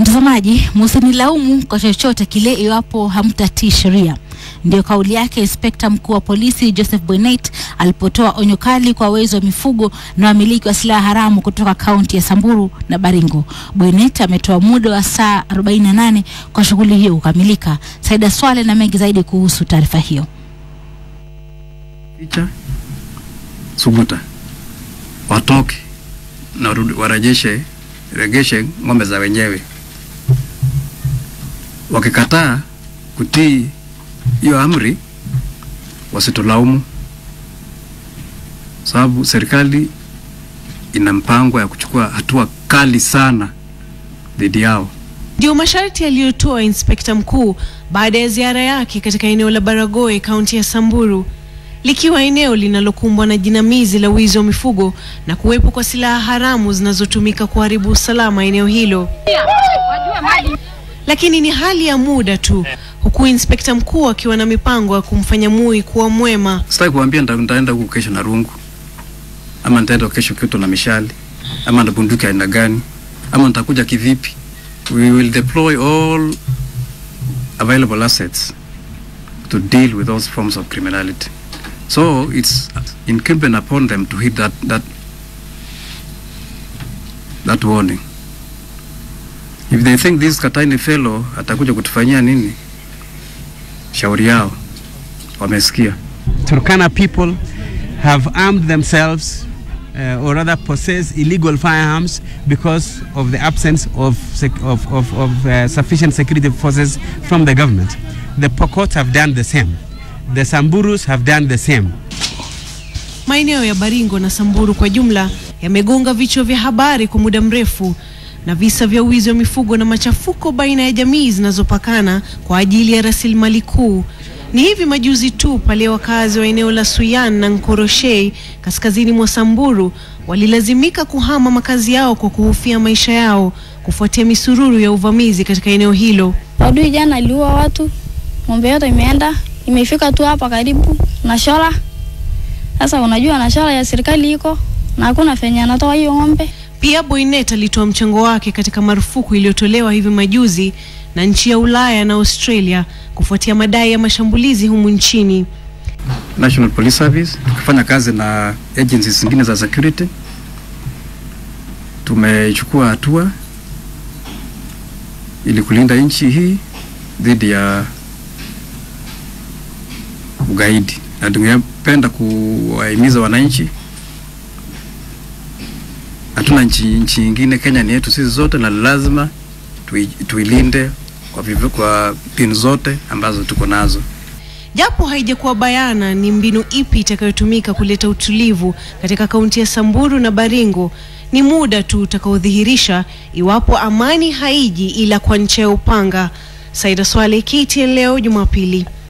Mtazamaji, msinilaumu kwa chochote kile iwapo hamtatii sheria. Ndiyo kauli yake Inspekta Mkuu wa Polisi Joseph Boinnet alipotoa onyo kali kwa wezi wa mifugo na wamiliki wa silaha haramu kutoka kaunti ya Samburu na Baringo. Boinnet ametoa muda wa saa 48 kwa shughuli hiyo kukamilika. Saida Swale na mengi zaidi kuhusu taarifa hiyo. Picha Subuta watoke na warejeshe regeshe ng'ombe za wenyewe Wakikataa kutii hiyo amri, wasitulaumu sababu serikali ina mpango ya kuchukua hatua kali sana dhidi yao. Ndio masharti yaliyotoa inspekta mkuu baada ya ziara yake katika eneo la Baragoe, kaunti ya Samburu, likiwa eneo linalokumbwa na jinamizi la wizi wa mifugo na kuwepo kwa silaha haramu zinazotumika kuharibu usalama eneo hilo lakini ni hali ya muda tu, eh. huku inspekta mkuu akiwa na mipango ya kumfanya Mui kuwa mwema. Sitaki kuambia nitaenda huko kesho na rungu ama nitaenda kesho Kyoto na mishali ama na bunduki aina gani ama nitakuja kivipi. We will deploy all available assets to deal with those forms of criminality. So it's incumbent upon them to hit that, that, that warning. If they think this Katani fellow atakuja kutufanyia nini, shauri yao, wamesikia. Turkana people have armed themselves uh, or rather possess illegal firearms because of the absence of, of, of, of uh, sufficient security forces from the government. The Pokot have done the same. The Samburus have done the same. Maeneo ya Baringo na Samburu kwa jumla yamegonga vichwa vya habari kwa muda mrefu na visa vya uwizi wa mifugo na machafuko baina ya jamii zinazopakana kwa ajili ya rasilimali kuu. Ni hivi majuzi tu pale wakazi wa eneo la Suyan na Nkoroshei kaskazini mwa Samburu walilazimika kuhama makazi yao kwa kuhofia maisha yao kufuatia misururu ya uvamizi katika eneo hilo. Adui jana aliua watu, ng'ombe yote imeenda, imefika tu hapa karibu na shola. Sasa unajua na shola ya serikali iko na hakuna fenya anatoa hiyo ng'ombe. Pia Boynet alitoa mchango wake katika marufuku iliyotolewa hivi majuzi na nchi ya Ulaya na Australia kufuatia madai ya mashambulizi humu nchini. National Police Service tukifanya kazi na agencies zingine za security, tumechukua hatua ili kulinda nchi hii dhidi ya ugaidi, na tungependa kuwahimiza wananchi hatuna nchi, nchi nyingine. Kenya ni yetu sisi zote, na lazima tui, tuilinde kwa, vivyo, kwa mbinu zote ambazo tuko nazo. Japo haijakuwa bayana ni mbinu ipi itakayotumika kuleta utulivu katika kaunti ya Samburu na Baringo, ni muda tu utakaodhihirisha iwapo amani haiji ila kwa ncha ya upanga. Saida Swale, KTN leo Jumapili.